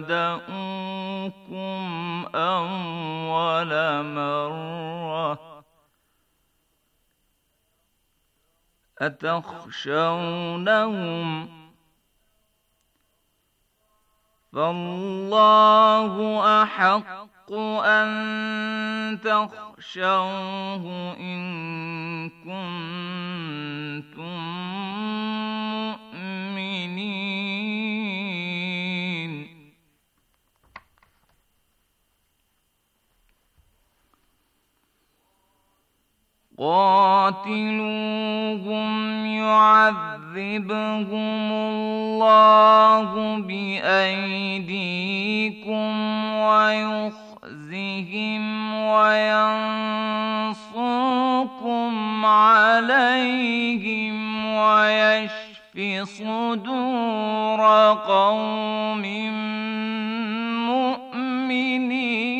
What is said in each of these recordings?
بدأكم أول مرة أتخشونهم فالله أحق أن تخشوه إن كنتم قاتلوهم يعذبهم الله بأيديكم ويخزهم وينصركم عليهم ويشف صدور قوم مؤمنين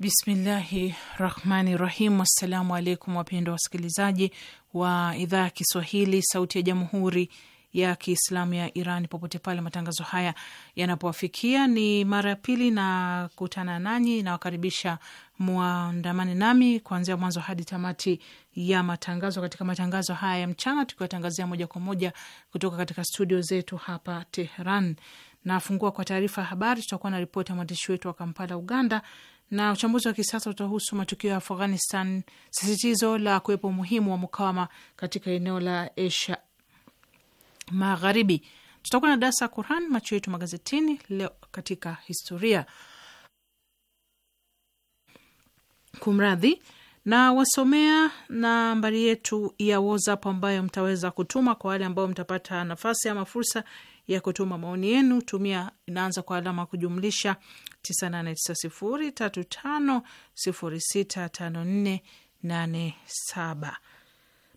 Bismillahi rahmani rahim. Assalamu alaikum wapendwa wasikilizaji wa idhaa ya Kiswahili sauti ya jamhuri ya Kiislamu ya Iran, popote pale matangazo haya yanapowafikia, ni mara ya pili na kutana nanyi, nawakaribisha mwandamani nami kuanzia mwanzo hadi tamati ya matangazo katika matangazo haya ya mchana, tukiwatangazia moja kwa moja kutoka katika studio zetu hapa Tehran. Nafungua kwa taarifa ya habari, tutakuwa na ripoti ya mwandishi wetu wa Kampala, Uganda, na uchambuzi wa kisasa utahusu matukio ya Afghanistan, sisitizo la kuwepo umuhimu wa mukawama katika eneo la Asia Magharibi. Tutakuwa na dasa ya Quran, macho yetu magazetini, leo katika historia, kumradhi na wasomea nambari yetu ya WhatsApp ambayo mtaweza kutuma kwa wale ambao mtapata nafasi ama fursa ya kutuma maoni yenu tumia, inaanza kwa alama kujumlisha 989035065487.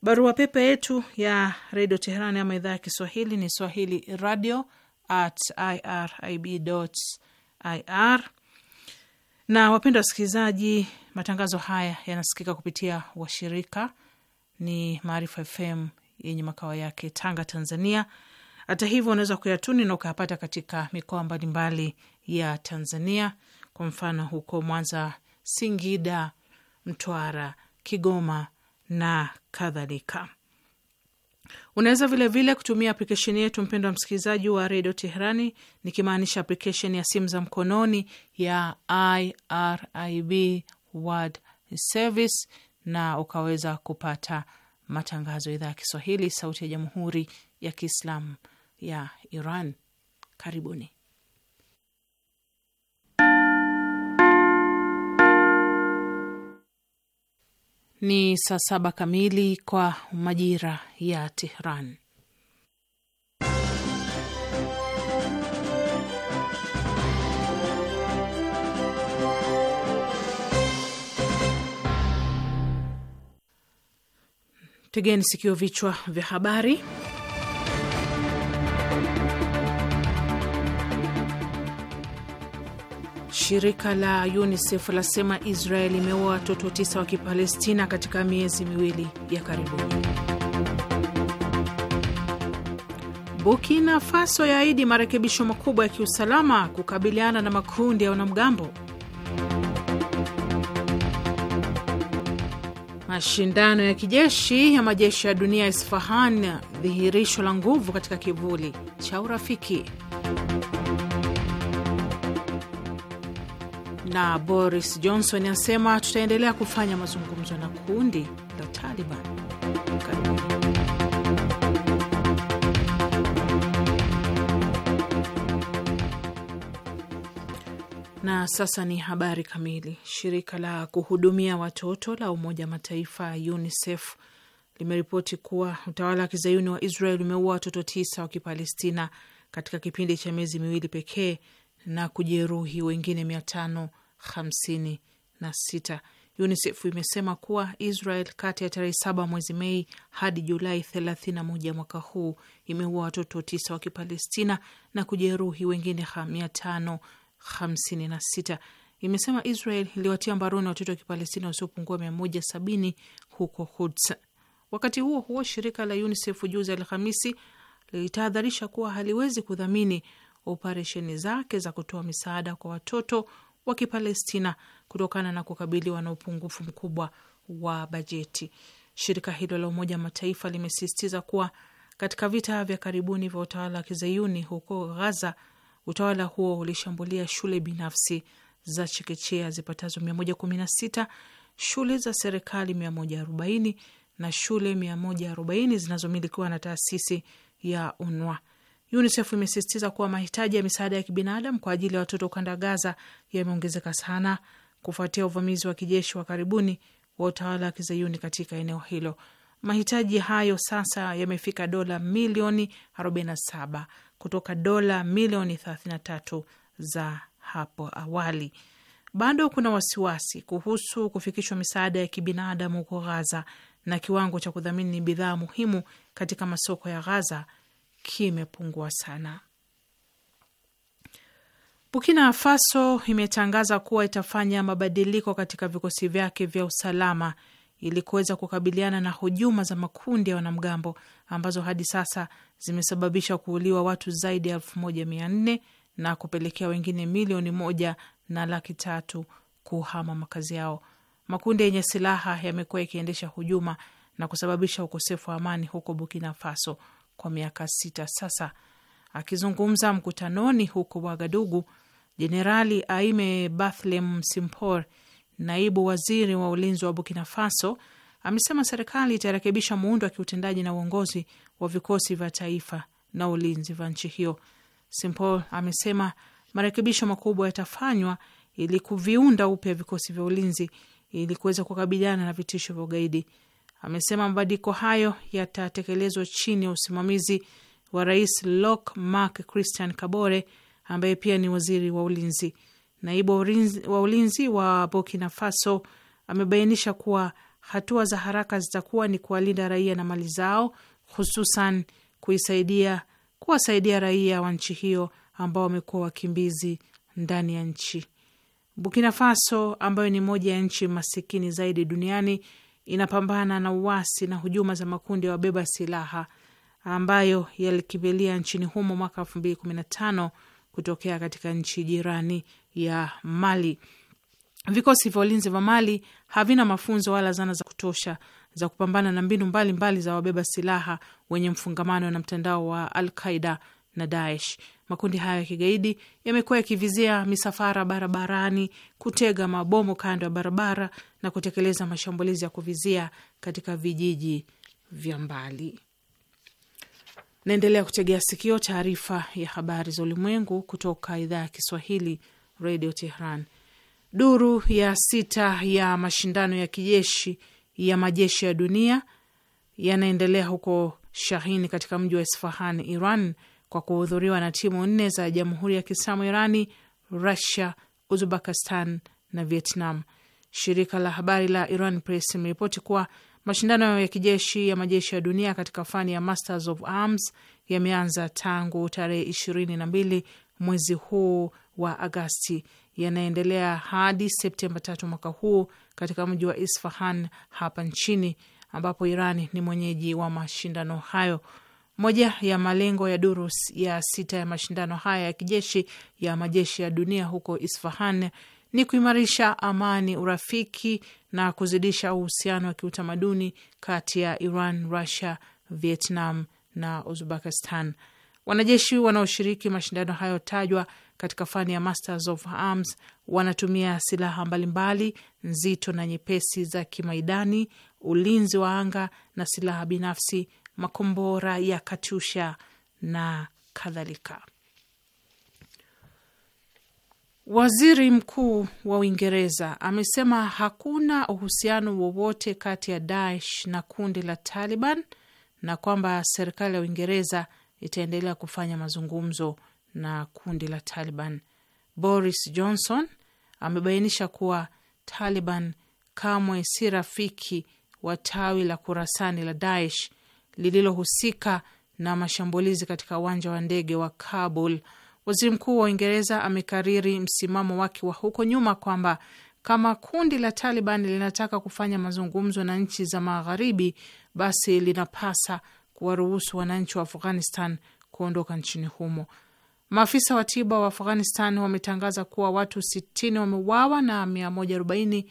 Barua pepe yetu ya redio Teherani ama idhaa ya Kiswahili ni swahili radio at irib ir. Na wapendwa wasikilizaji, matangazo haya yanasikika kupitia washirika ni Maarifa FM yenye makao yake Tanga, Tanzania, hata hivyo, unaweza kuyatuni na ukayapata katika mikoa mbalimbali ya Tanzania, kwa mfano huko Mwanza, Singida, Mtwara, Kigoma na kadhalika. Unaweza vilevile kutumia aplikesheni yetu mpendo wa msikilizaji wa redio Teherani, nikimaanisha aplikesheni ya simu za mkononi ya IRIB World Service, na ukaweza kupata matangazo ya idhaa ya Kiswahili, sauti ya jamhuri ya kiislamu ya Iran. Karibuni. Ni saa saba kamili kwa majira ya Tehran. Tegeni sikio, vichwa vya habari. Shirika la UNICEF lasema israel imeua watoto tisa wa Kipalestina katika miezi miwili ya karibuni. Burkina Faso yaahidi marekebisho makubwa ya kiusalama kukabiliana na makundi ya wanamgambo. Mashindano ya kijeshi ya majeshi ya dunia ya Isfahan, dhihirisho la nguvu katika kivuli cha urafiki. Na Boris Johnson asema tutaendelea kufanya mazungumzo na kundi la Taliban. Karibu. Na sasa ni habari kamili. Shirika la kuhudumia watoto la Umoja Mataifa UNICEF limeripoti kuwa utawala wa kizayuni wa Israel umeua watoto tisa wa Kipalestina katika kipindi cha miezi miwili pekee na kujeruhi wengine mia tano hamsini na sita. UNICEF imesema kuwa Israel kati ya tarehe saba mwezi Mei hadi Julai 31 moja mwaka huu imeua watoto tisa wa Kipalestina na kujeruhi wengine mia tano 56 imesema Israel iliwatia mbaroni watoto wa Kipalestina wasiopungua 170 huko Quds. Wakati huo huo, shirika la UNICEF juzi Alhamisi lilitahadharisha kuwa haliwezi kudhamini operesheni zake za kutoa misaada kwa watoto wa Kipalestina kutokana na kukabiliwa na upungufu mkubwa wa bajeti. Shirika hilo la Umoja wa Mataifa limesisitiza kuwa katika vita vya karibuni vya utawala wa kizayuni huko Ghaza, Utawala huo ulishambulia shule binafsi za chekechea zipatazo 116, shule za serikali 140 na shule 140 zinazomilikiwa na taasisi ya UNWA. UNICEF imesisitiza kuwa mahitaji ya misaada ya kibinadamu kwa ajili ya watoto ukanda Gaza yameongezeka sana kufuatia uvamizi wa kijeshi wa karibuni wa utawala wa kizayuni katika eneo hilo. Mahitaji hayo sasa yamefika dola milioni kutoka dola milioni 33 za hapo awali. Bado kuna wasiwasi kuhusu kufikishwa misaada ya kibinadamu huko Ghaza na kiwango cha kudhamini bidhaa muhimu katika masoko ya Ghaza kimepungua sana. Burkina Faso imetangaza kuwa itafanya mabadiliko katika vikosi vyake vya usalama ili kuweza kukabiliana na hujuma za makundi ya wanamgambo ambazo hadi sasa zimesababisha kuuliwa watu zaidi ya elfu moja mia nne na kupelekea wengine milioni moja na laki tatu kuhama makazi yao. Makundi yenye silaha yamekuwa yakiendesha hujuma na kusababisha ukosefu wa amani huko Burkina Faso kwa miaka sita sasa. Akizungumza mkutanoni huko Wagadugu, Jenerali Aime Bathlem Simpor naibu waziri wa ulinzi wa Burkina Faso, amesema serikali itarekebisha muundo wa kiutendaji na uongozi wa vikosi vya taifa na ulinzi vya nchi hiyo. Simpol amesema marekebisho makubwa yatafanywa ili kuviunda upya vikosi vya ulinzi ili kuweza kukabiliana na vitisho vya ugaidi. Amesema mabadiliko hayo yatatekelezwa chini ya usimamizi wa Rais Lok Mark Christian Kabore ambaye pia ni waziri wa ulinzi. Naibu wa ulinzi wa Burkina Faso amebainisha kuwa hatua za haraka zitakuwa ni kuwalinda raia na mali zao, hususan kuisaidia kuwasaidia raia wa nchi hiyo ambao wamekuwa wakimbizi ndani ya nchi. Burkina Faso ambayo ni moja ya nchi masikini zaidi duniani inapambana na uasi na hujuma za makundi ya wabeba silaha ambayo yalikimbilia nchini humo mwaka elfu mbili kumi na tano kutokea katika nchi jirani ya Mali. Vikosi vya ulinzi vya Mali havina mafunzo wala zana za kutosha za kupambana na mbinu mbalimbali mbali za wabeba silaha wenye mfungamano na mtandao wa Al Qaida na Daesh. Makundi hayo ya kigaidi yamekuwa yakivizia misafara barabarani, kutega mabomu kando ya barabara na kutekeleza mashambulizi ya kuvizia katika vijiji vya mbali. Naendelea kutegea sikio taarifa ya habari za ulimwengu kutoka idhaa ya Kiswahili, radio Tehran. Duru ya sita ya mashindano ya kijeshi ya majeshi ya dunia yanaendelea huko Shahini katika mji wa Isfahan, Iran, kwa kuhudhuriwa na timu nne za Jamhuri ya Kiislamu Irani, Rusia, Uzbekistan na Vietnam. Shirika la habari la Iran Press limeripoti kuwa Mashindano ya kijeshi ya majeshi ya dunia katika fani ya Masters of Arms yameanza tangu tarehe ishirini na mbili mwezi huu wa Agasti, yanaendelea hadi Septemba tatu mwaka huu katika mji wa Isfahan hapa nchini, ambapo Iran ni mwenyeji wa mashindano hayo. Moja ya malengo ya duru ya sita ya mashindano haya ya kijeshi ya majeshi ya dunia huko Isfahan ni kuimarisha amani, urafiki na kuzidisha uhusiano wa kiutamaduni kati ya Iran, Russia, Vietnam na Uzbekistan. Wanajeshi wanaoshiriki mashindano hayo tajwa katika fani ya Masters of Arms wanatumia silaha mbalimbali nzito na nyepesi za kimaidani, ulinzi wa anga na silaha binafsi, makombora ya katusha na kadhalika. Waziri mkuu wa Uingereza amesema hakuna uhusiano wowote kati ya Daesh na kundi la Taliban na kwamba serikali ya Uingereza itaendelea kufanya mazungumzo na kundi la Taliban. Boris Johnson amebainisha kuwa Taliban kamwe si rafiki wa tawi la Kurasani la Daesh lililohusika na mashambulizi katika uwanja wa ndege wa Kabul Waziri Mkuu wa Uingereza amekariri msimamo wake wa huko nyuma kwamba kama kundi la Taliban linataka kufanya mazungumzo na nchi za Magharibi, basi linapasa kuwaruhusu wananchi wa Afghanistan kuondoka nchini humo. Maafisa wa tiba wa Afghanistan wametangaza kuwa watu 60 wameuawa na 140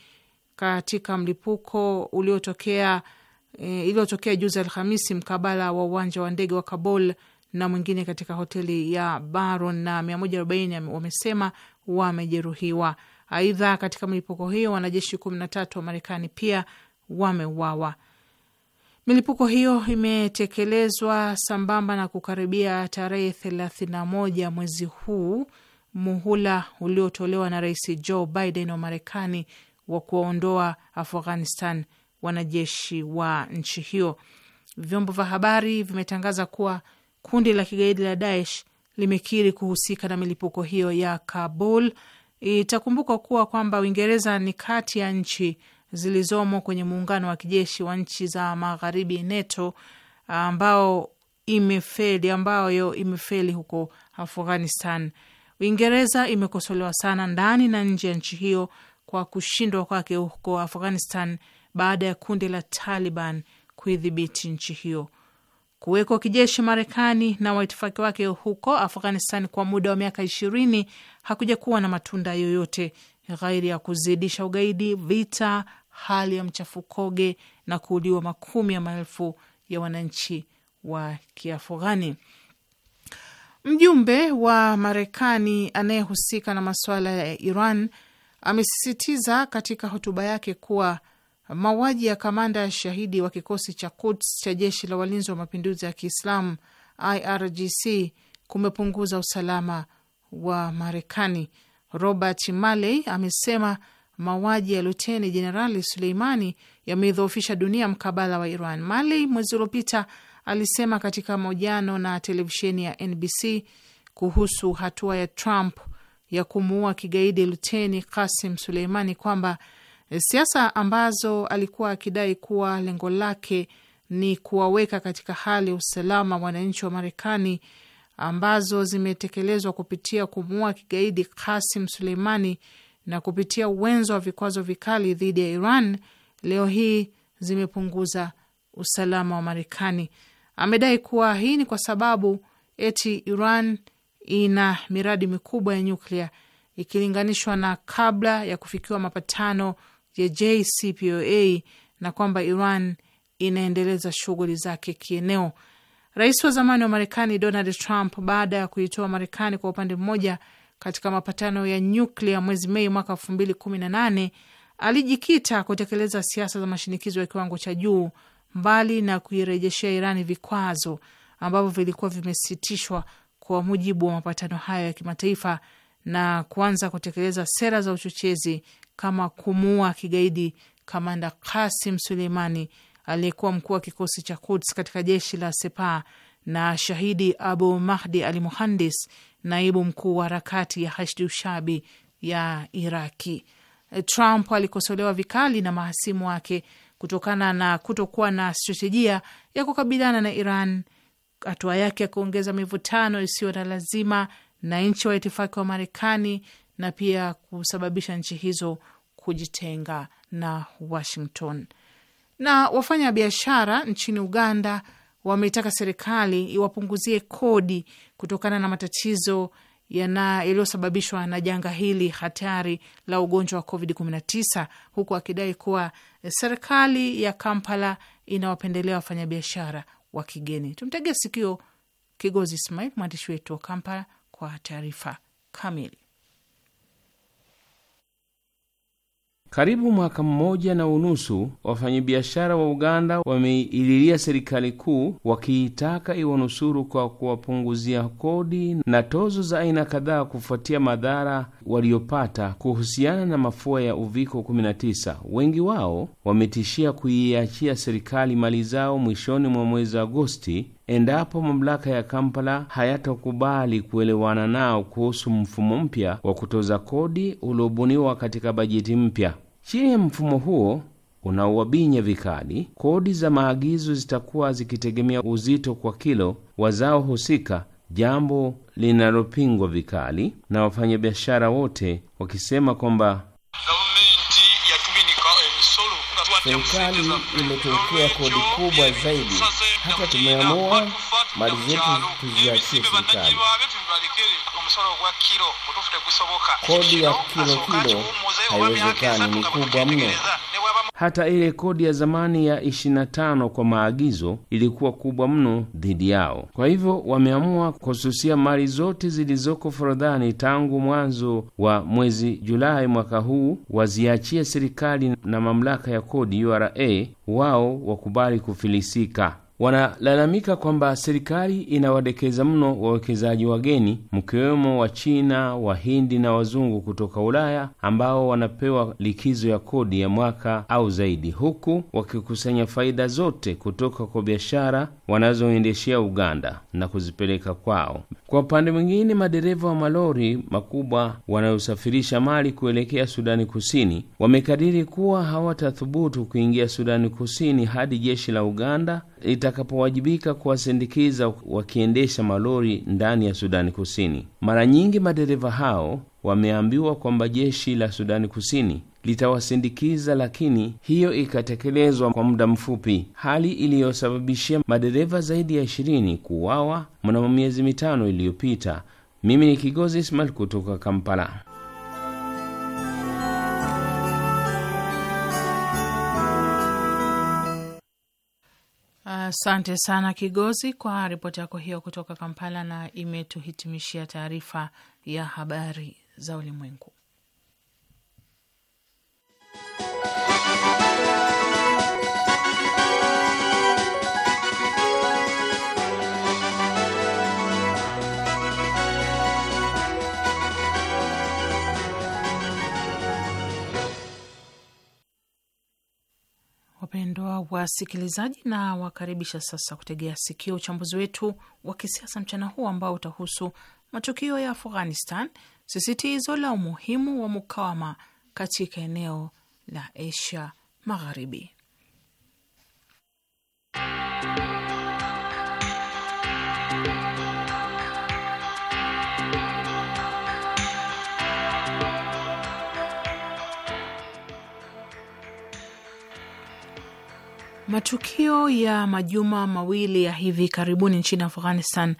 katika mlipuko uliotokea e, eh, iliyotokea juzi Alhamisi mkabala wa uwanja wa ndege wa Kabul na mwingine katika hoteli ya Baron na 140 wamesema wamejeruhiwa. Aidha, katika milipuko hiyo wanajeshi 13 wa Marekani pia wameuawa. Milipuko hiyo imetekelezwa sambamba na kukaribia tarehe 31 mwezi huu, muhula uliotolewa na Rais Joe Biden wa Marekani wa kuwaondoa Afghanistan wanajeshi wa nchi hiyo. Vyombo vya habari vimetangaza kuwa Kundi la kigaidi la Daesh limekiri kuhusika na milipuko hiyo ya Kabul. Itakumbukwa kuwa kwamba Uingereza ni kati ya nchi zilizomo kwenye muungano wa kijeshi wa nchi za magharibi NATO ambao imefeli ambayo imefeli huko Afghanistan. Uingereza imekosolewa sana ndani na nje ya nchi hiyo kwa kushindwa kwake huko Afghanistan baada ya kundi la Taliban kuidhibiti nchi hiyo kuwekwa kijeshi Marekani na waitifaki wake huko Afghanistan kwa muda wa miaka ishirini hakuja kuwa na matunda yoyote ghairi ya kuzidisha ugaidi, vita, hali ya mchafukoge na kuuliwa makumi ya maelfu ya wananchi wa Kiafghani. Mjumbe wa Marekani anayehusika na masuala ya Iran amesisitiza katika hotuba yake kuwa mauaji ya kamanda shahidi wa kikosi cha Quds cha jeshi la walinzi wa mapinduzi ya Kiislamu IRGC kumepunguza usalama wa Marekani. Robert Malley amesema mauaji ya luteni jenerali Suleimani yameidhoofisha dunia mkabala wa Iran. Malley mwezi uliopita alisema katika mahojiano na televisheni ya NBC kuhusu hatua ya Trump ya kumuua kigaidi luteni Kasim Suleimani kwamba siasa ambazo alikuwa akidai kuwa lengo lake ni kuwaweka katika hali ya usalama wananchi wa Marekani, ambazo zimetekelezwa kupitia kumuua kigaidi Kasim Suleimani na kupitia uwenzo wa vikwazo vikali dhidi ya Iran, leo hii zimepunguza usalama wa Marekani. Amedai kuwa hii ni kwa sababu eti Iran ina miradi mikubwa ya nyuklia ikilinganishwa na kabla ya kufikiwa mapatano ya JCPOA na kwamba Iran inaendeleza shughuli zake kieneo. Rais wa zamani wa Marekani Donald Trump, baada ya kuitoa Marekani kwa upande mmoja katika mapatano ya nyuklia mwezi Mei mwaka elfu mbili kumi na nane alijikita kutekeleza siasa za mashinikizo ya kiwango cha juu, mbali na kuirejeshea Irani vikwazo ambavyo vilikuwa vimesitishwa kwa mujibu wa mapatano hayo ya kimataifa na kuanza kutekeleza sera za uchochezi kama kumuua kigaidi kamanda Kasim Suleimani aliyekuwa mkuu wa kikosi cha Kuds katika jeshi la Sepa na shahidi Abu Mahdi Al Muhandis, naibu mkuu wa harakati ya Hashdi Ushabi ya Iraki. Trump alikosolewa vikali na mahasimu wake kutokana na kutokuwa na stratejia ya kukabiliana na Iran, hatua yake ya kuongeza mivutano isiyo na lazima na nchi wa itifaki wa Marekani na pia kusababisha nchi hizo kujitenga na Washington. Na wafanya biashara nchini Uganda wameitaka serikali iwapunguzie kodi kutokana na matatizo yaliyosababishwa na janga hili hatari la ugonjwa wa COVID-19 huku akidai kuwa serikali ya Kampala inawapendelea wafanyabiashara wa kigeni. Tumtegea sikio Kigozi Ismail, mwandishi wetu wa Kampala, kwa taarifa kamili. Karibu mwaka mmoja na unusu, wafanyabiashara wa Uganda wameililia serikali kuu wakiitaka iwanusuru kwa kuwapunguzia kodi na tozo za aina kadhaa kufuatia madhara waliopata kuhusiana na mafua ya uviko 19. Wengi wao wametishia kuiachia serikali mali zao mwishoni mwa mwezi Agosti endapo mamlaka ya Kampala hayatakubali kuelewana nao kuhusu mfumo mpya wa kutoza kodi uliobuniwa katika bajeti mpya. Chini ya mfumo huo unaowabinya vikali, kodi za maagizo zitakuwa zikitegemea uzito kwa kilo wa zao husika, jambo linalopingwa vikali na wafanyabiashara wote wakisema kwamba serikali imetokea kodi kubwa zaidi, hata tumeamua mali zetu tuziachie serikali. Kodi ya kilo kilo haiwezekani, ni kubwa mno hata ile kodi ya zamani ya 25 kwa maagizo ilikuwa kubwa mno dhidi yao. Kwa hivyo wameamua kususia mali zote zilizoko forodhani tangu mwanzo wa mwezi Julai mwaka huu, waziachie serikali na mamlaka ya kodi URA, wao wakubali kufilisika wanalalamika kwamba serikali inawadekeza mno wawekezaji wageni mkiwemo Wachina, Wahindi na wazungu kutoka Ulaya ambao wanapewa likizo ya kodi ya mwaka au zaidi, huku wakikusanya faida zote kutoka kwa biashara wanazoendeshea Uganda na kuzipeleka kwao. Kwa upande mwingine, madereva wa malori makubwa wanayosafirisha mali kuelekea Sudani Kusini wamekadiri kuwa hawatathubutu kuingia Sudani Kusini hadi jeshi la Uganda itakapowajibika kuwasindikiza wakiendesha malori ndani ya Sudani Kusini. Mara nyingi madereva hao wameambiwa kwamba jeshi la Sudani Kusini litawasindikiza, lakini hiyo ikatekelezwa kwa muda mfupi, hali iliyosababishia madereva zaidi ya ishirini kuuawa mnamo miezi mitano iliyopita. Mimi ni Kigozi Ismail kutoka Kampala. Asante sana Kigozi kwa ripoti yako hiyo kutoka Kampala, na imetuhitimishia taarifa ya habari za ulimwengu. Wapendwa wasikilizaji, na wakaribisha sasa kutegea sikio uchambuzi wetu wa kisiasa mchana huu ambao utahusu matukio ya Afghanistan, sisitizo la umuhimu wa mukawama katika eneo la Asia Magharibi. Matukio ya majuma mawili ya hivi karibuni nchini Afghanistan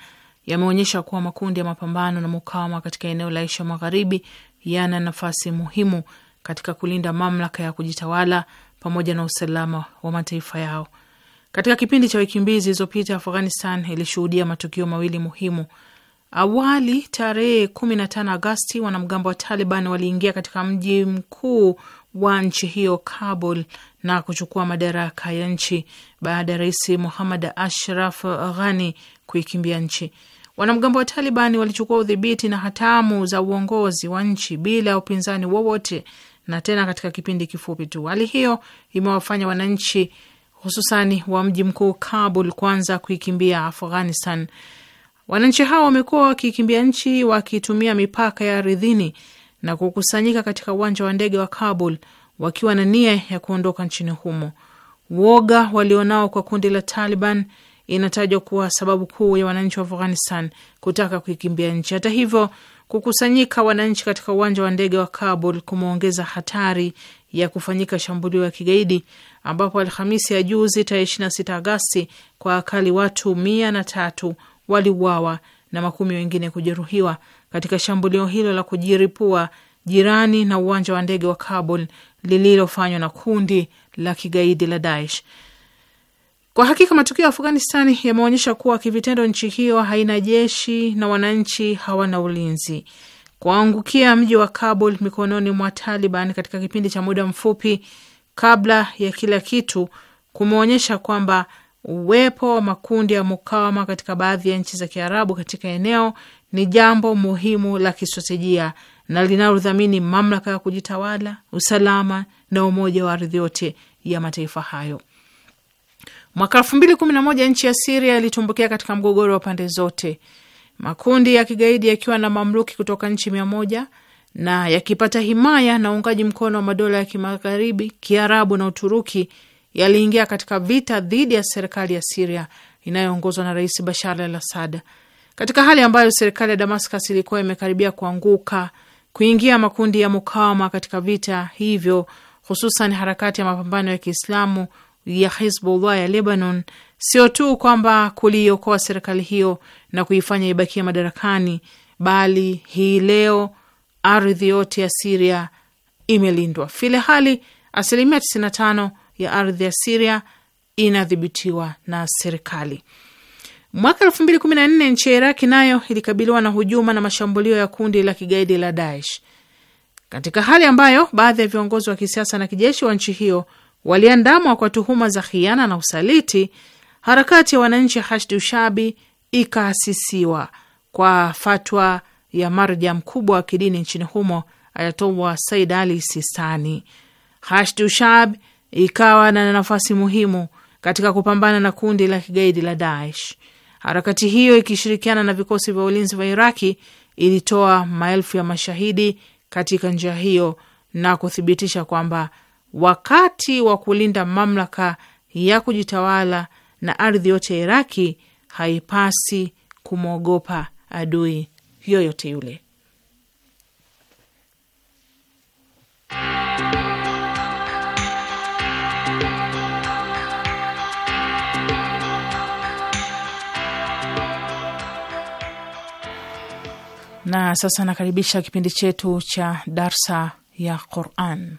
yameonyesha kuwa makundi ya mapambano na mukawama katika eneo la Asia Magharibi yana nafasi muhimu katika kulinda mamlaka ya kujitawala pamoja na usalama wa mataifa yao. Katika kipindi cha wiki mbili zilizopita, Afghanistan ilishuhudia matukio mawili muhimu. Awali, tarehe 15 Agasti, wanamgambo wa Taliban waliingia katika mji mkuu wa nchi hiyo Kabul na kuchukua madaraka ya nchi baada ya rais Muhammad Ashraf Ghani kuikimbia nchi. Wanamgambo wa taliban walichukua udhibiti na hatamu za uongozi wa nchi bila ya upinzani wowote, na tena katika kipindi kifupi tu. Hali hiyo imewafanya wananchi hususani wa mji mkuu Kabul kwanza kuikimbia Afghanistan. Wananchi hao wamekuwa wakikimbia nchi wakitumia mipaka ya ardhini na kukusanyika katika uwanja wa ndege wa Kabul wakiwa na nia ya kuondoka nchini humo. Woga walionao kwa kundi la Taliban inatajwa kuwa sababu kuu ya wananchi wa Afghanistan kutaka kuikimbia nchi. Hata hivyo, kukusanyika wananchi katika uwanja wa ndege wa Kabul kumeongeza hatari ya kufanyika shambulio ya kigaidi ambapo Alhamisi ya juzi tarehe 26 Agasti kwa akali watu mia na tatu waliuawa na makumi wengine kujeruhiwa katika shambulio hilo la kujiripua jirani na uwanja wa ndege wa Kabul lililofanywa na kundi la kigaidi la Daesh. Kwa hakika matukio ya Afghanistani yameonyesha kuwa kivitendo nchi hiyo haina jeshi na wananchi hawana ulinzi. Kuangukia mji wa Kabul mikononi mwa Taliban katika kipindi cha muda mfupi kabla ya kila kitu kumeonyesha kwamba uwepo wa makundi ya mukawama katika baadhi ya nchi za Kiarabu katika eneo ni jambo muhimu la kistratejia na linalodhamini mamlaka ya kujitawala, usalama na umoja wa ardhi yote ya mataifa hayo. Mwaka elfu mbili kumi na moja nchi ya Siria ilitumbukia katika mgogoro wa pande zote, makundi ya kigaidi yakiwa na mamluki kutoka nchi mia moja na yakipata himaya na uungaji mkono wa madola ya kimagharibi, Kiarabu na Uturuki yaliingia katika vita dhidi ya serikali ya Siria inayoongozwa na Rais Bashar al Assad katika hali ambayo serikali ya Damascus ilikuwa imekaribia kuanguka, kuingia makundi ya mukawama katika vita hivyo, hususan harakati ya mapambano ya Kiislamu ya Hizbullah ya Lebanon, sio tu kwamba kuliiokoa serikali hiyo na kuifanya ibakia madarakani, bali hii leo ardhi yote ya Siria imelindwa. File hali asilimia 95 ya ardhi ya Siria inadhibitiwa na serikali. Mwaka elfu mbili kumi na nne nchi ya Iraki nayo ilikabiliwa na hujuma na mashambulio ya kundi la kigaidi la Daesh, katika hali ambayo baadhi ya viongozi wa kisiasa na kijeshi wa nchi hiyo waliandamwa kwa tuhuma za khiana na usaliti. Harakati ya wananchi ya Hashdu Ushabi ikaasisiwa kwa fatwa ya marja mkubwa wa kidini nchini humo Ayatollah Said Ali Sistani. Hashdu Shab ikawa na nafasi muhimu katika kupambana na kundi la kigaidi la Daesh. Harakati hiyo ikishirikiana na vikosi vya ulinzi vya Iraki ilitoa maelfu ya mashahidi katika njia hiyo na kuthibitisha kwamba wakati wa kulinda mamlaka ya kujitawala na ardhi yote ya Iraki haipasi kumwogopa adui yoyote yule. Na sasa nakaribisha kipindi chetu cha darsa ya Quran.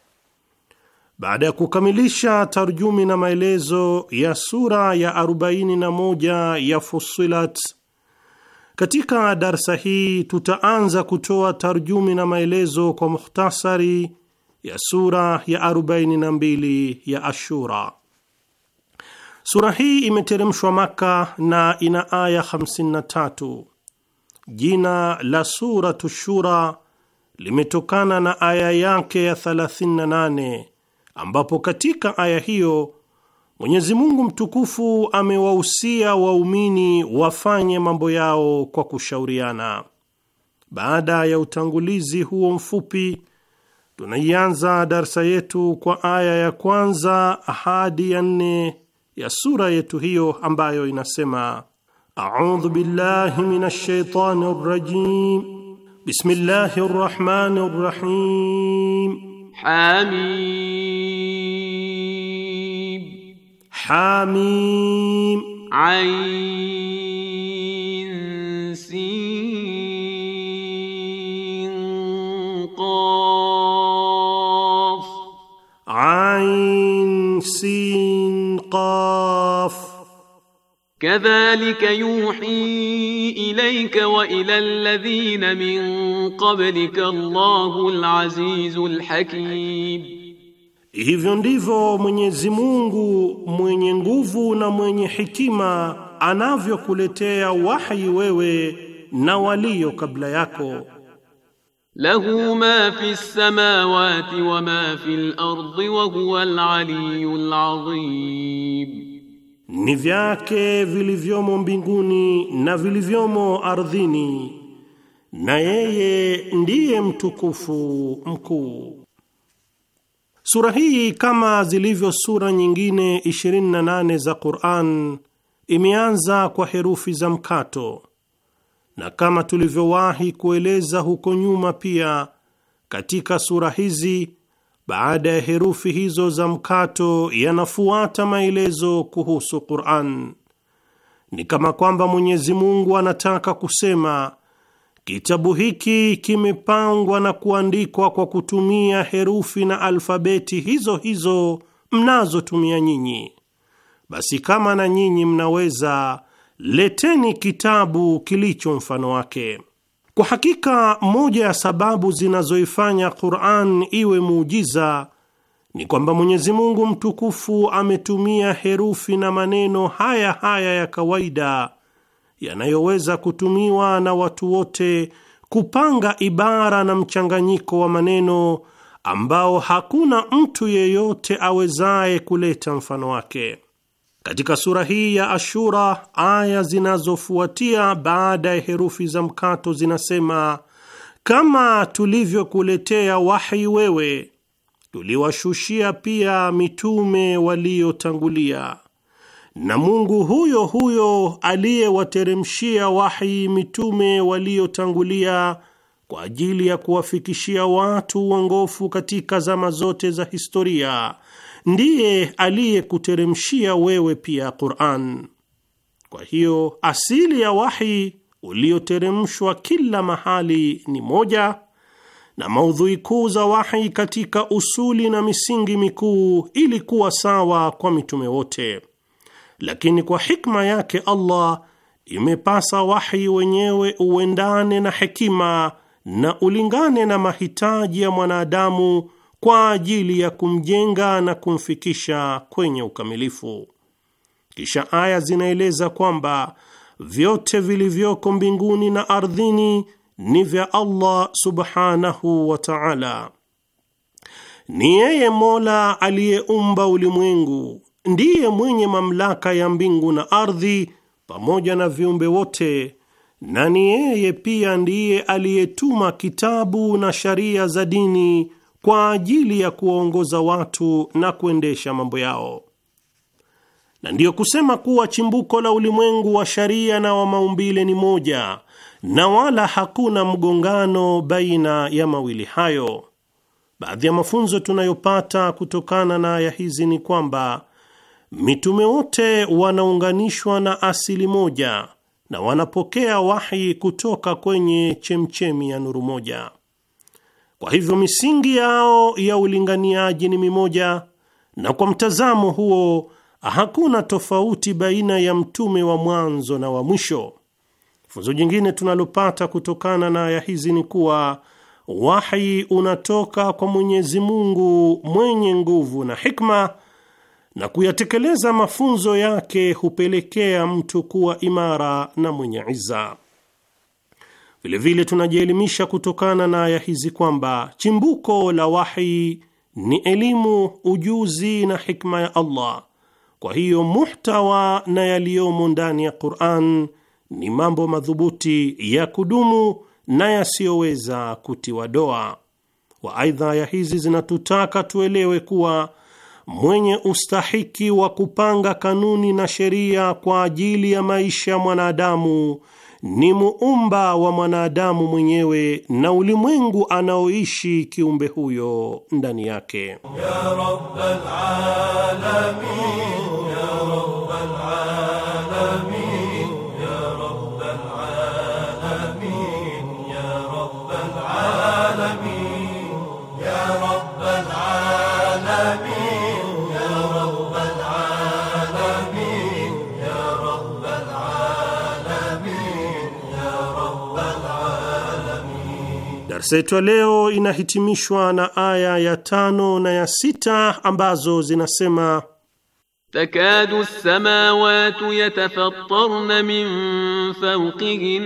baada ya kukamilisha tarjumi na maelezo ya sura ya 41 ya Fusilat, katika darsa hii tutaanza kutoa tarjumi na maelezo kwa muhtasari ya sura ya 42 ya Ashura. Sura hii imeteremshwa Maka na ina aya 53. Jina la Suratu Shura limetokana na aya yake ya 38 ambapo katika aya hiyo Mwenyezi Mungu mtukufu amewahusia waumini wafanye mambo yao kwa kushauriana. Baada ya utangulizi huo mfupi, tunaianza darsa yetu kwa aya ya kwanza hadi ya nne ya sura yetu hiyo ambayo inasema: audhu billahi minash shaitani bismillahi rrahmani rrahim حميم حميم عين سين قاف عين سين قاف Kadhalika yuhi ilayka wa ila alladhina min qablika Allahu alazizul hakim, hivyo ndivyo Mwenyezi Mungu mwenye nguvu na mwenye hikima anavyokuletea wahi wewe na walio kabla yako. Lahu ma fi samawati wa ma fi al-ardi wa huwa al-aliyyul azim ni vyake vilivyomo mbinguni na vilivyomo ardhini, na yeye ndiye mtukufu mkuu. Sura hii kama zilivyo sura nyingine 28 za Qur'an imeanza kwa herufi za mkato, na kama tulivyowahi kueleza huko nyuma, pia katika sura hizi baada ya herufi hizo za mkato yanafuata maelezo kuhusu Qur'an. Ni kama kwamba Mwenyezi Mungu anataka kusema kitabu hiki kimepangwa na kuandikwa kwa kutumia herufi na alfabeti hizo hizo mnazotumia nyinyi. Basi kama na nyinyi mnaweza, leteni kitabu kilicho mfano wake. Kwa hakika moja ya sababu zinazoifanya Qur'an iwe muujiza ni kwamba Mwenyezi Mungu mtukufu ametumia herufi na maneno haya haya ya kawaida yanayoweza kutumiwa na watu wote kupanga ibara na mchanganyiko wa maneno ambao hakuna mtu yeyote awezaye kuleta mfano wake. Katika sura hii ya Ashura, aya zinazofuatia baada ya herufi za mkato zinasema: kama tulivyokuletea wahi wewe, tuliwashushia pia mitume waliotangulia, na Mungu huyo huyo aliyewateremshia wahi mitume waliotangulia kwa ajili ya kuwafikishia watu uongofu katika zama zote za historia ndiye aliyekuteremshia wewe pia Qur'an. Kwa hiyo asili ya wahi ulioteremshwa kila mahali ni moja, na maudhui kuu za wahi katika usuli na misingi mikuu ilikuwa sawa kwa mitume wote, lakini kwa hikma yake Allah imepasa wahi wenyewe uendane na hekima na ulingane na mahitaji ya mwanadamu kwa ajili ya kumjenga na kumfikisha kwenye ukamilifu. Kisha aya zinaeleza kwamba vyote vilivyoko mbinguni na ardhini ni vya Allah subhanahu wa ta'ala. Ni yeye Mola aliyeumba ulimwengu, ndiye mwenye mamlaka ya mbingu na ardhi pamoja na viumbe wote, na ni yeye pia ndiye aliyetuma kitabu na sharia za dini kwa ajili ya kuwaongoza watu na kuendesha mambo yao, na ndiyo kusema kuwa chimbuko la ulimwengu wa sharia na wa maumbile ni moja na wala hakuna mgongano baina ya mawili hayo. Baadhi ya mafunzo tunayopata kutokana na aya hizi ni kwamba mitume wote wanaunganishwa na asili moja na wanapokea wahi kutoka kwenye chemchemi ya nuru moja. Kwa hivyo misingi yao ya ulinganiaji ni mimoja, na kwa mtazamo huo hakuna tofauti baina ya mtume wa mwanzo na wa mwisho. Funzo jingine tunalopata kutokana na aya hizi ni kuwa wahi unatoka kwa Mwenyezi Mungu mwenye nguvu na hikma, na kuyatekeleza mafunzo yake hupelekea mtu kuwa imara na mwenye iza. Vilevile tunajielimisha kutokana na aya hizi kwamba chimbuko la wahi ni elimu, ujuzi na hikma ya Allah. Kwa hiyo muhtawa na yaliyomo ndani ya Qur'an ni mambo madhubuti ya kudumu na yasiyoweza kutiwa doa. Wa aidha, aya hizi zinatutaka tuelewe kuwa mwenye ustahiki wa kupanga kanuni na sheria kwa ajili ya maisha ya mwanadamu ni muumba wa mwanadamu mwenyewe na ulimwengu anaoishi kiumbe huyo ndani yake ya Darsa yetu ya leo inahitimishwa na aya ya tano na ya sita ambazo zinasema takadu samawati yatafattarna min fawqihin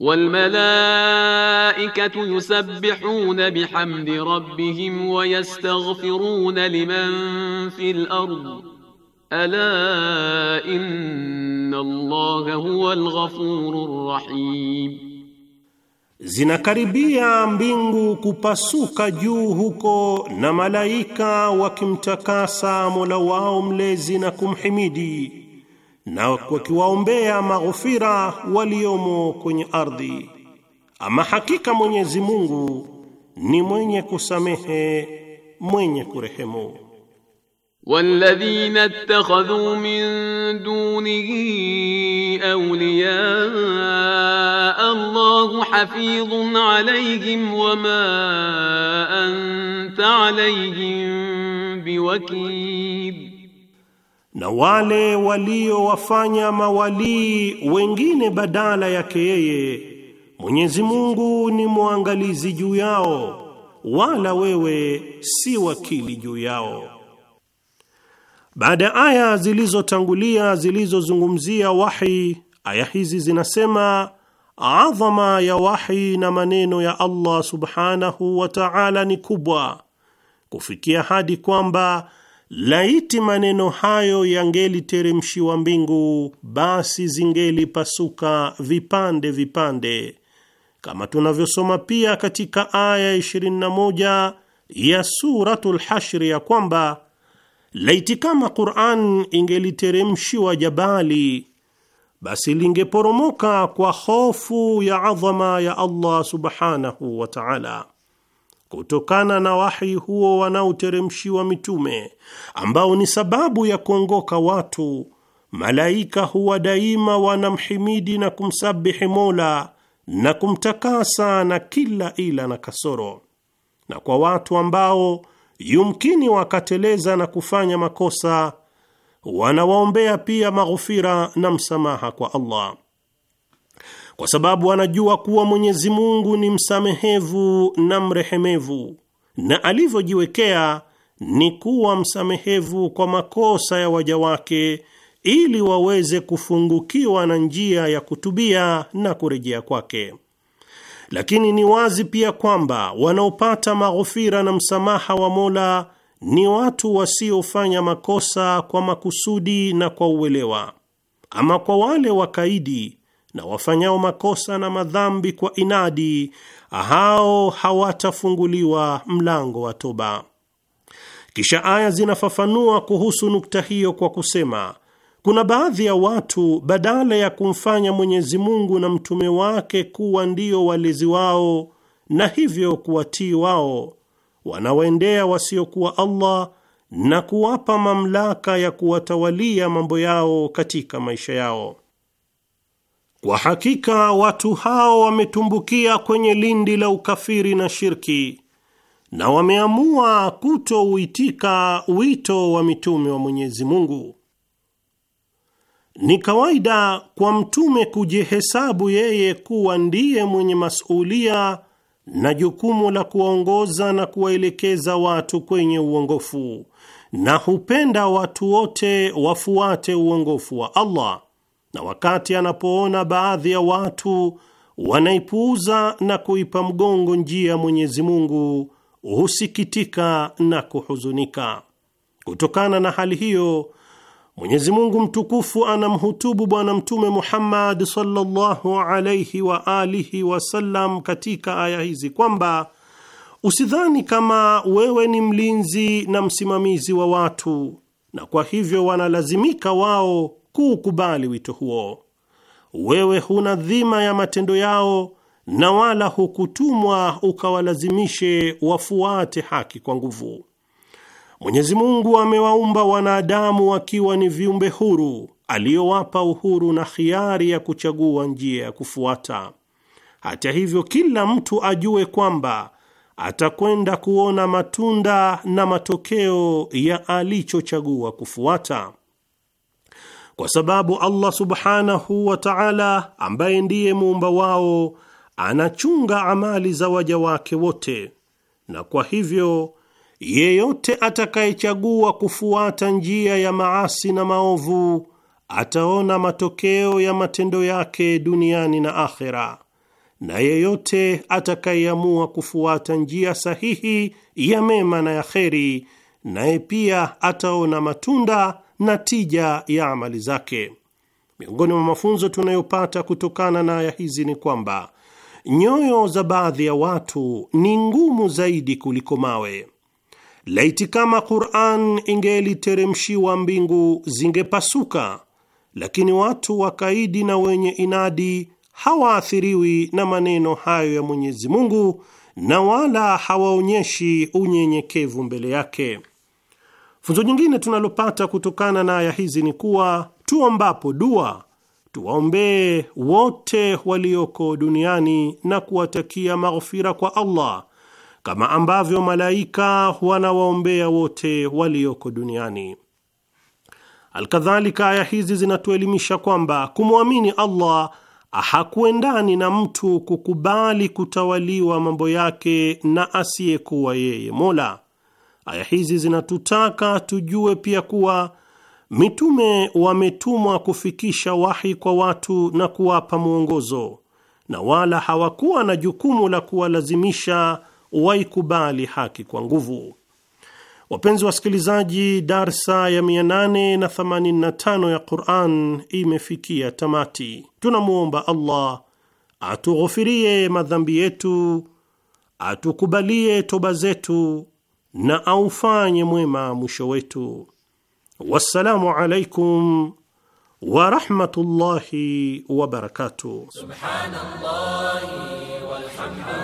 walmalaikatu yusabbihuna bihamdi rabbihim ربهم ويستغفرون لمن في الأرض ألا إن الله هو الغفور الرحيم Zinakaribia mbingu kupasuka juu huko, na malaika wakimtakasa Mola wao mlezi na kumhimidi na wakiwaombea maghfira waliomo kwenye ardhi. Ama hakika Mwenyezi Mungu ni mwenye kusamehe, mwenye kurehemu. Walladhina ittakhadhu min dunihi awliya حفيظ عليهم وما أنت عليهم بوكيل na wale waliowafanya mawalii wengine badala yake yeye, Mwenyezi Mungu ni mwangalizi juu yao, wala wewe si wakili juu yao. Baada ya aya zilizotangulia zilizozungumzia wahi, aya hizi zinasema Adhama ya wahi na maneno ya Allah subhanahu wa ta'ala ni kubwa kufikia hadi kwamba laiti maneno hayo yangeliteremshiwa mbingu, basi zingelipasuka vipande vipande, kama tunavyosoma pia katika aya 21 ya Suratul Hashri ya kwamba laiti kama Qur'an ingeliteremshiwa jabali basi lingeporomoka kwa hofu ya adhama ya Allah subhanahu wa ta'ala. Kutokana na wahi huo wanaoteremshiwa mitume ambao ni sababu ya kuongoka watu, malaika huwa daima wanamhimidi na kumsabihi Mola na kumtakasa na kila ila na kasoro. Na kwa watu ambao yumkini wakateleza na kufanya makosa wanawaombea pia maghufira na msamaha kwa Allah, kwa sababu wanajua kuwa Mwenyezi Mungu ni msamehevu na mrehemevu, na alivyojiwekea ni kuwa msamehevu kwa makosa ya waja wake ili waweze kufungukiwa na njia ya kutubia na kurejea kwake. Lakini ni wazi pia kwamba wanaopata maghufira na msamaha wa Mola ni watu wasiofanya makosa kwa makusudi na kwa uelewa. Ama kwa wale wakaidi na wafanyao makosa na madhambi kwa inadi, hao hawatafunguliwa mlango wa toba. Kisha aya zinafafanua kuhusu nukta hiyo kwa kusema kuna baadhi ya watu badala ya kumfanya Mwenyezi Mungu na mtume wake kuwa ndio walezi wao na hivyo kuwatii wao wanawaendea wasiokuwa Allah na kuwapa mamlaka ya kuwatawalia mambo yao katika maisha yao. Kwa hakika watu hao wametumbukia kwenye lindi la ukafiri na shirki na wameamua kutouitika wito wa mitume wa Mwenyezi Mungu. Ni kawaida kwa mtume kujihesabu yeye kuwa ndiye mwenye masulia na jukumu la kuwaongoza na kuwaelekeza watu kwenye uongofu, na hupenda watu wote wafuate uongofu wa Allah. Na wakati anapoona baadhi ya watu wanaipuuza na kuipa mgongo njia ya Mwenyezi Mungu, husikitika na kuhuzunika. Kutokana na hali hiyo Mwenyezi Mungu mtukufu anamhutubu Bwana Mtume Muhammad sallallahu alayhi wa alihi wasallam katika aya hizi kwamba usidhani kama wewe ni mlinzi na msimamizi wa watu, na kwa hivyo wanalazimika wao kuukubali wito huo. Wewe huna dhima ya matendo yao na wala hukutumwa ukawalazimishe wafuate haki kwa nguvu. Mwenyezi Mungu amewaumba wanadamu wakiwa ni viumbe huru aliyowapa uhuru na hiari ya kuchagua njia ya kufuata. Hata hivyo, kila mtu ajue kwamba atakwenda kuona matunda na matokeo ya alichochagua kufuata, kwa sababu Allah subhanahu wa ta'ala, ambaye ndiye muumba wao, anachunga amali za waja wake wote, na kwa hivyo yeyote atakayechagua kufuata njia ya maasi na maovu ataona matokeo ya matendo yake duniani na akhera, na yeyote atakayeamua kufuata njia sahihi ya mema na ya kheri, naye pia ataona matunda na tija ya amali zake. Miongoni mwa mafunzo tunayopata kutokana na aya hizi ni kwamba nyoyo za baadhi ya watu ni ngumu zaidi kuliko mawe Laiti kama Qur'an ingeliteremshiwa mbingu zingepasuka, lakini watu wakaidi na wenye inadi hawaathiriwi na maneno hayo ya Mwenyezi Mungu na wala hawaonyeshi unyenyekevu mbele yake. Funzo nyingine tunalopata kutokana na aya hizi ni kuwa tuombapo dua tuwaombee wote walioko duniani na kuwatakia maghfira kwa Allah kama ambavyo malaika wanawaombea wote walioko duniani. Alkadhalika, aya hizi zinatuelimisha kwamba kumwamini Allah hakuendani na mtu kukubali kutawaliwa mambo yake na asiyekuwa yeye Mola. Aya hizi zinatutaka tujue pia kuwa mitume wametumwa kufikisha wahi kwa watu na kuwapa mwongozo, na wala hawakuwa na jukumu la kuwalazimisha waikubali haki kwa nguvu. Wapenzi wasikilizaji, darsa ya 885 ya Quran imefikia tamati. Tunamwomba Allah atughofirie madhambi yetu, atukubalie toba zetu na aufanye mwema mwisho wetu. Wassalamu alaikum warahmatullahi wabarakatuh. Subhanallah walhamdulillah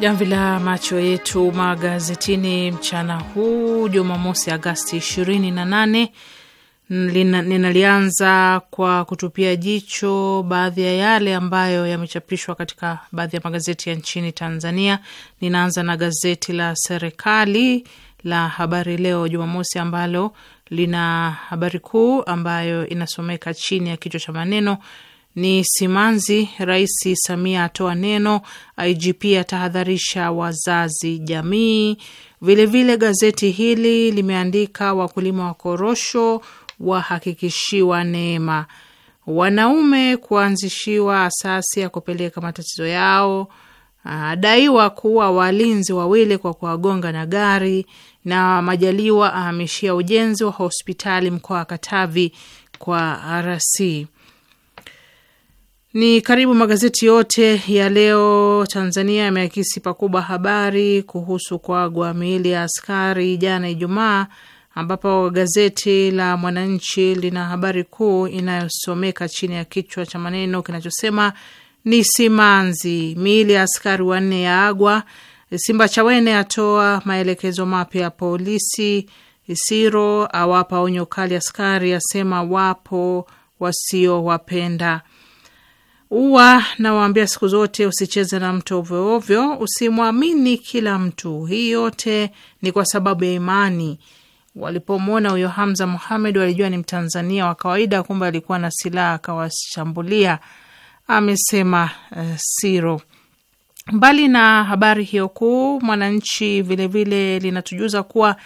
Jamvi la macho yetu magazetini mchana huu Jumamosi, Agasti 28 ninalianza kwa kutupia jicho baadhi ya yale ambayo yamechapishwa katika baadhi ya magazeti ya nchini Tanzania. Ninaanza na gazeti la serikali la Habari Leo Jumamosi ambalo lina habari kuu ambayo inasomeka chini ya kichwa cha maneno ni simanzi. Rais Samia atoa neno, IGP atahadharisha wazazi jamii. Vilevile vile gazeti hili limeandika wakulima wa korosho wahakikishiwa neema, wanaume kuanzishiwa asasi ya kupeleka matatizo yao, adaiwa kuwa walinzi wawili kwa kuwagonga na gari, na Majaliwa ahamishia ujenzi wa hospitali mkoa wa Katavi kwa RC. Ni karibu magazeti yote ya leo Tanzania yameakisi pakubwa habari kuhusu kuagwa miili ya askari jana Ijumaa, ambapo gazeti la Mwananchi lina habari kuu inayosomeka chini ya kichwa cha maneno kinachosema ni simanzi, miili ya askari wanne ya agwa, Simba Chawene atoa maelekezo mapya ya polisi, Isiro awapa onyo kali askari, asema wapo wasiowapenda Uwa nawaambia siku zote, usicheze na mtu ovyoovyo, usimwamini kila mtu. Hii yote ni kwa sababu ya imani. Walipomwona huyo Hamza Muhamed walijua ni Mtanzania wa kawaida, kumbe alikuwa na silaha akawashambulia, amesema uh, Siro. Mbali na habari hiyo kuu, Mwananchi vilevile linatujuza kuwa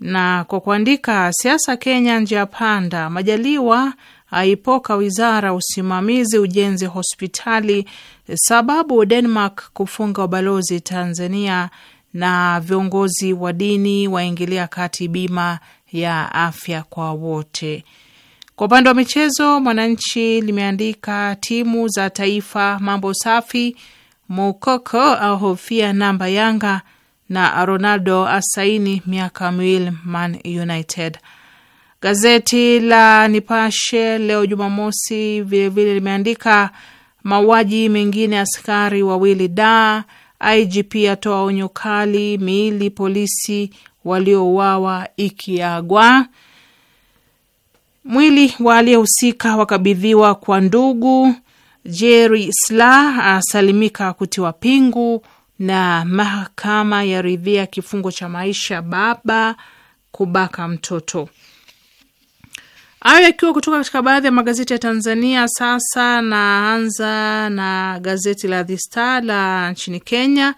na kwa kuandika siasa Kenya njia panda, Majaliwa aipoka wizara usimamizi ujenzi hospitali sababu Denmark kufunga ubalozi Tanzania, na viongozi wa dini waingilia kati bima ya afya kwa wote. Kwa upande wa michezo, Mwananchi limeandika timu za taifa mambo safi, Mukoko ahofia namba Yanga na Ronaldo asaini miaka miwili Man United. Gazeti la Nipashe leo Jumamosi vilevile limeandika mauaji mengine, askari wawili da, IGP atoa onyo kali, miili polisi waliouawa ikiagwa, mwili wa aliyehusika wakabidhiwa kwa ndugu, Jerry Sla asalimika kutiwa pingu, na mahakama yaridhia kifungo cha maisha baba kubaka mtoto. Hayo yakiwa kutoka katika baadhi ya magazeti ya Tanzania. Sasa naanza na gazeti la The Star la nchini Kenya,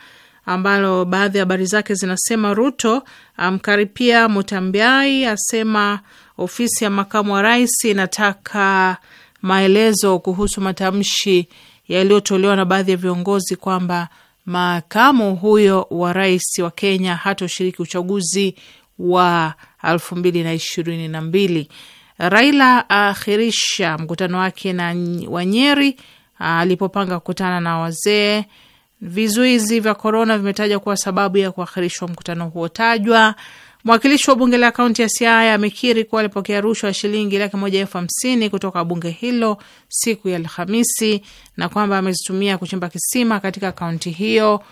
ambalo baadhi ya habari zake zinasema: Ruto amkaripia um, Mutambiai, asema ofisi ya makamu wa rais inataka maelezo kuhusu matamshi yaliyotolewa na baadhi ya viongozi kwamba makamu huyo wa rais wa Kenya hatoshiriki uchaguzi wa elfu mbili na ishirini na mbili. Raila aahirisha mkutano wake na Wanyeri ah, alipopanga kukutana na wazee. Vizuizi vya korona vimetajwa kuwa sababu ya kuakhirishwa mkutano huo tajwa. Mwakilishi wa bunge la kaunti ya Siaya amekiri kuwa alipokea rushwa ya shilingi laki moja elfu hamsini kutoka bunge hilo siku ya Alhamisi na kwamba amezitumia kuchimba kisima katika kaunti hiyo.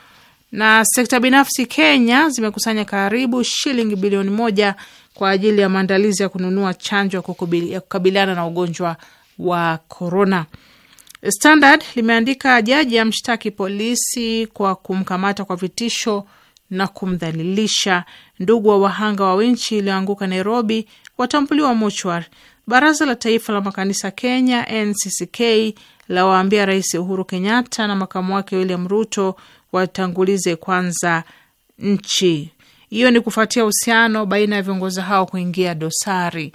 Na sekta binafsi Kenya zimekusanya karibu shilingi bilioni moja kwa ajili ya maandalizi ya kununua chanjo ya kukabiliana na ugonjwa wa korona. Standard limeandika jaji ya mshtaki polisi kwa kumkamata kwa vitisho na kumdhalilisha. Ndugu wa wahanga wa winchi iliyoanguka Nairobi watambuliwa mochwari. Baraza la Taifa la Makanisa Kenya NCCK lawaambia Rais Uhuru Kenyatta na makamu wake William Ruto watangulize kwanza nchi. Hiyo ni kufuatia uhusiano baina ya viongozi hao kuingia dosari.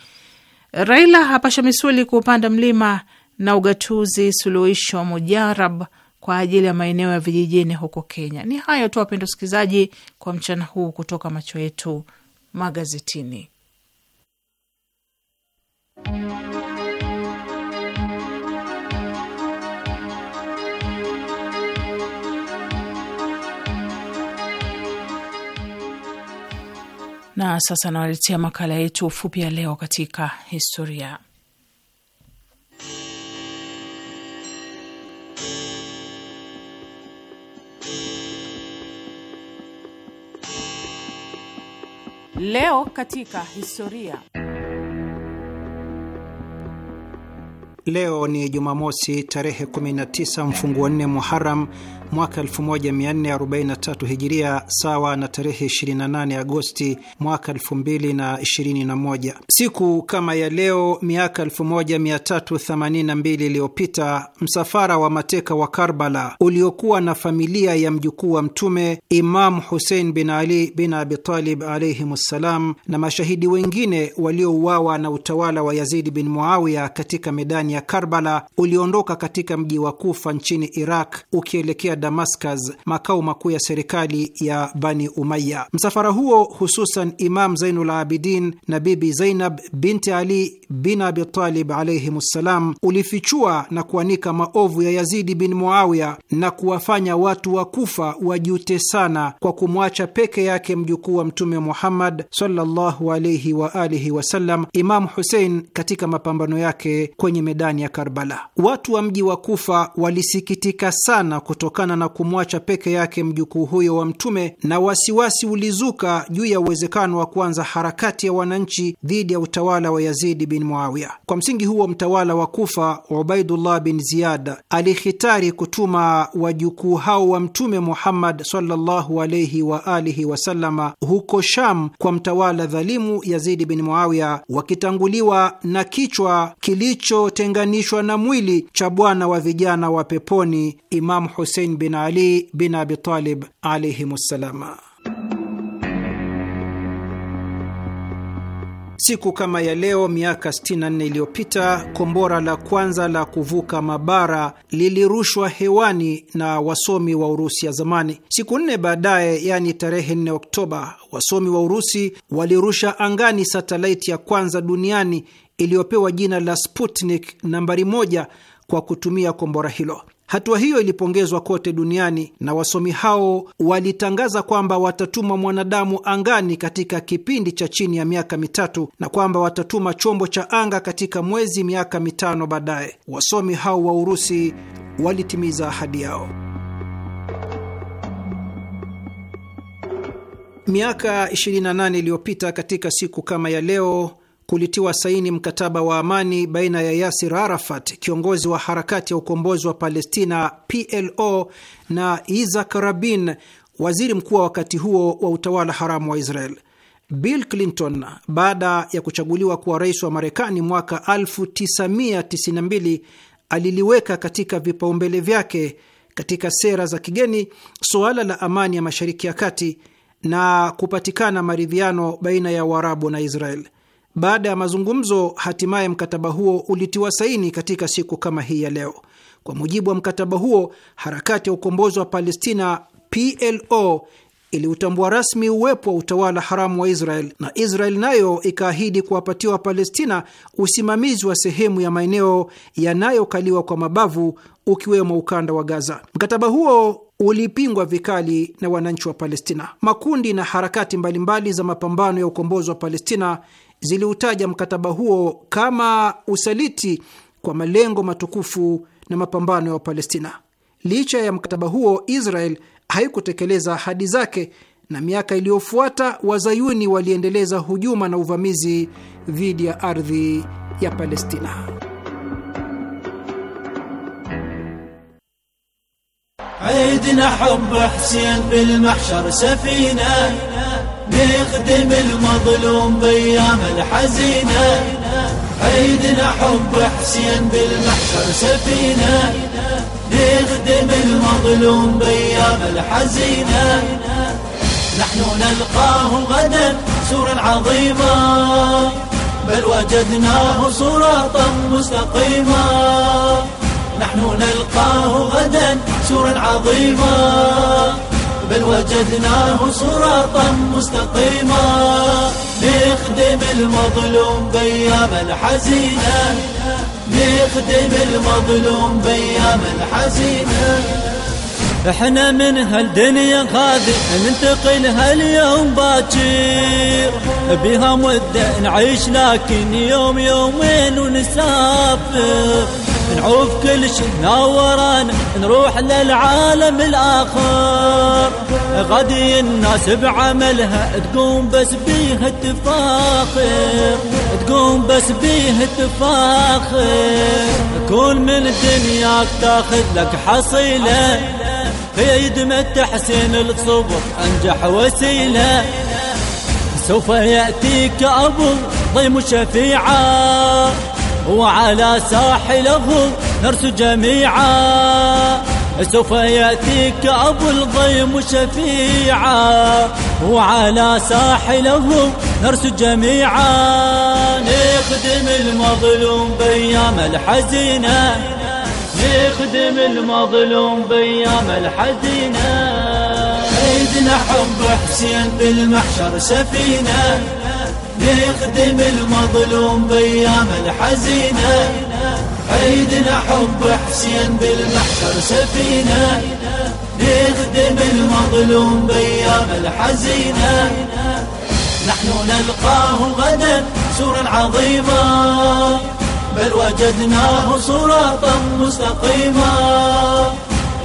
Raila hapasha misuli kuupanda mlima na ugatuzi suluhisho mujarab kwa ajili ya maeneo ya vijijini huko Kenya. Ni hayo tu, wapenda usikilizaji, kwa mchana huu kutoka macho yetu magazetini. Na sasa nawaletea makala yetu fupi ya leo katika historia. Leo katika historia. Leo ni Jumamosi tarehe 19 mfunguo 4 Muharam mwaka 1443 hijiria sawa na tarehe 28 Agosti mwaka 2021. Siku kama ya leo miaka 1382 iliyopita msafara wa mateka wa Karbala uliokuwa na familia ya mjukuu wa Mtume imamu Husein bin Ali bin Abitalib alaihim ssalam na mashahidi wengine waliouawa na utawala wa Yazidi bin Muawiya katika medani ya Karbala uliondoka katika mji wa Kufa nchini Iraq ukielekea kuelekea Damascus, makao makuu ya serikali ya Bani Umaya. Msafara huo hususan Imam Zainul Abidin na Bibi Zainab binti Ali bin Abitalib alaihim ssalam, ulifichua na kuanika maovu ya Yazidi bin Muawiya na kuwafanya watu wa Kufa wajute sana kwa kumwacha peke yake mjukuu wa Mtume Muhammad sallallahu alaihi wa alihi wasallam, Imamu Husein katika mapambano yake kwenye medani ya Karbala. Watu wa mji wa Kufa walisikitika sana kutokana kutokana na kumwacha peke yake mjukuu huyo wa Mtume, na wasiwasi ulizuka juu ya uwezekano wa kuanza harakati ya wananchi dhidi ya utawala wa Yazidi bin Muawiya. Kwa msingi huo, mtawala wa Kufa Ubaidullah bin Ziyad alihitari kutuma wajukuu hao wa Mtume Muhammad sallallahu alayhi wa alihi wasallama huko Sham kwa mtawala dhalimu Yazidi bin Muawiya, wakitanguliwa na kichwa kilichotenganishwa na mwili cha bwana wa vijana wa peponi Imam Husein bin Ali bin Abitalib alaihimussalama. Siku kama ya leo miaka 64 iliyopita kombora la kwanza la kuvuka mabara lilirushwa hewani na wasomi wa Urusi ya zamani. Siku nne baadaye, yaani tarehe 4 Oktoba, wasomi wa Urusi walirusha angani satelaiti ya kwanza duniani iliyopewa jina la Sputnik nambari moja kwa kutumia kombora hilo. Hatua hiyo ilipongezwa kote duniani na wasomi hao walitangaza kwamba watatuma mwanadamu angani katika kipindi cha chini ya miaka mitatu na kwamba watatuma chombo cha anga katika mwezi miaka mitano baadaye. Wasomi hao wa Urusi walitimiza ahadi yao. Miaka 28 iliyopita katika siku kama ya leo kulitiwa saini mkataba wa amani baina ya Yasir Arafat, kiongozi wa harakati ya ukombozi wa Palestina PLO, na Isak Rabin, waziri mkuu wa wakati huo wa utawala haramu wa Israel. Bill Clinton, baada ya kuchaguliwa kuwa rais wa Marekani mwaka 1992, aliliweka katika vipaumbele vyake katika sera za kigeni suala la amani ya Mashariki ya Kati na kupatikana maridhiano baina ya Waarabu na Israel. Baada ya mazungumzo, hatimaye mkataba huo ulitiwa saini katika siku kama hii ya leo. Kwa mujibu wa mkataba huo, harakati ya ukombozi wa Palestina PLO iliutambua rasmi uwepo wa utawala haramu wa Israel na Israel nayo ikaahidi kuwapatia Wapalestina usimamizi wa sehemu ya maeneo yanayokaliwa kwa mabavu ukiwemo ukanda wa Gaza. Mkataba huo ulipingwa vikali na wananchi wa Palestina. Makundi na harakati mbalimbali za mapambano ya ukombozi wa Palestina ziliutaja mkataba huo kama usaliti kwa malengo matukufu na mapambano ya Wapalestina. Licha ya mkataba huo, Israel haikutekeleza ahadi zake, na miaka iliyofuata wazayuni waliendeleza hujuma na uvamizi dhidi ya ardhi ya Palestina. نخدم المظلوم بيام الحزينة عيدنا حب حسين بالمحشر سفينة نخدم المظلوم بيام الحزينة نحن نلقاه غدا سورا عظيما بل وجدناه صراطا مستقيما نحن نلقاه غدا سورا عظيما وجدناه صراطا مستقيما نخدم المظلوم بيام الحزينة نخدم المظلوم بيام الحزينة احنا من هالدنيا غادي ننتقل هاليوم باكر بها مدة نعيش لكن يوم يومين ونسافر نعوف كل شي ناورانا نروح للعالم الآخر غدي الناس بعملها تقوم بس بيها تفاخر تقوم بس بيها تفاخر كل من دنياك تاخذ لك حصيلة هي يدمة تحسين الصبر أنجح وسيلة سوف يأتيك أبو ضيم شفيعه وعلى ساحله نرسل جميعا سوف يأتيك أبو الغيم شفيعا وعلى ساحله نرس جميعا نخدم المظلوم بيام الحزينة نخدم المظلوم بيام الحزينة سيدنا حب حسين بالمحشر سفينة نخدم المظلوم بيام الحزينة عيدنا حب حسين بالمحشر سفينة نخدم المظلوم بيام الحزينة نحن نلقاه غدا سورا عظيما بل وجدناه صراطا مستقيما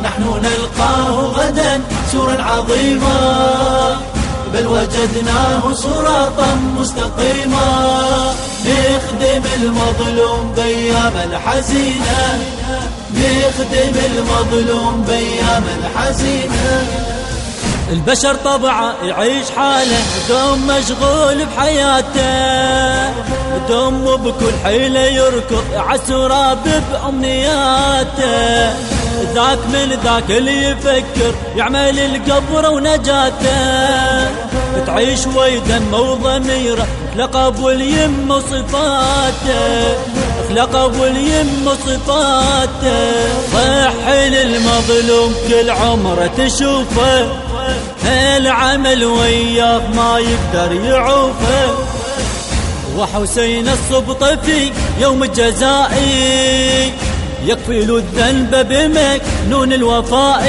نحن نلقاه غدا سورا عظيما بل وجدناه صراطا مستقيما نخدم المظلوم بيام الحزينة نخدم المظلوم بيام الحزينة البشر طبعه يعيش حاله دوم مشغول بحياته دوم بكل حيلة يركض عالسراب بأمنياته ذاك من ذاك اللي يفكر يعمل القبر ونجاته تعيش ويدمه وضميره اخلق ابو اليم وصفاته اخلق ابو اليم وصفاته صح للمظلوم كل عمره تشوفه العمل وياه ما يقدر يعوفه وحسين الصبط في يوم الجزائي يقفل الذنب بمكنون الوفاء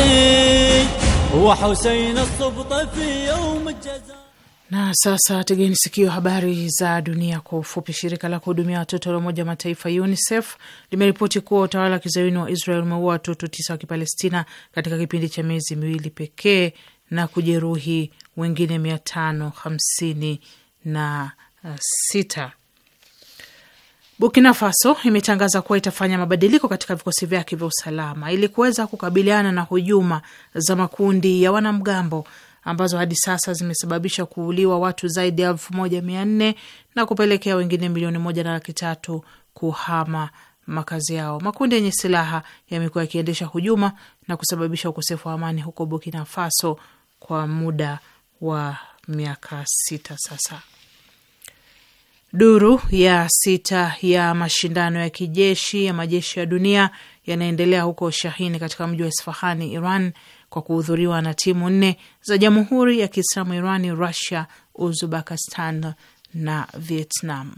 وحسين الصبط في يوم الجزاء na sasa tegeni sikio, habari za dunia kwa ufupi. Shirika la kuhudumia watoto la Umoja Mataifa UNICEF limeripoti kuwa utawala wa kizayuni wa Israel umeua watoto tisa wa Kipalestina katika kipindi cha miezi miwili pekee na kujeruhi wengine mia tano hamsini na sita. Burkina Faso imetangaza kuwa itafanya mabadiliko katika vikosi vyake vya usalama ili kuweza kukabiliana na hujuma za makundi ya wanamgambo ambazo hadi sasa zimesababisha kuuliwa watu zaidi ya elfu moja mia nne na kupelekea wengine milioni moja na laki tatu kuhama makazi yao. Makundi yenye silaha yamekuwa yakiendesha hujuma na kusababisha ukosefu wa amani huko Burkina Faso kwa muda wa miaka sita sasa. Duru ya sita ya mashindano ya kijeshi ya majeshi ya dunia yanaendelea huko Shahini katika mji wa Isfahani, Iran, kwa kuhudhuriwa na timu nne za Jamhuri ya Kiislamu Irani, Rusia, Uzbekistan na Vietnam.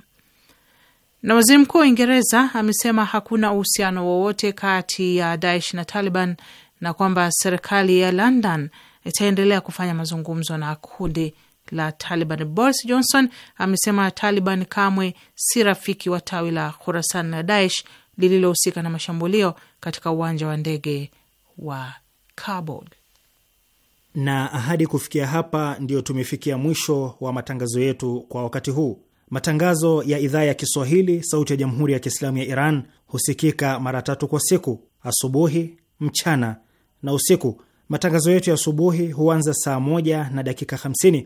Na waziri mkuu wa Uingereza amesema hakuna uhusiano wowote kati ya Daesh na Taliban na kwamba serikali ya London itaendelea kufanya mazungumzo na kundi la Taliban. Boris Johnson amesema Taliban kamwe si rafiki wa tawi la Khurasan na Daesh lililohusika na mashambulio katika uwanja wa ndege wa Kabul. Na ahadi kufikia hapa, ndiyo tumefikia mwisho wa matangazo yetu kwa wakati huu. Matangazo ya idhaa ya Kiswahili sauti ya jamhuri ya Kiislamu ya Iran husikika mara tatu kwa siku: asubuhi, mchana na usiku. Matangazo yetu ya asubuhi huanza saa moja na dakika 50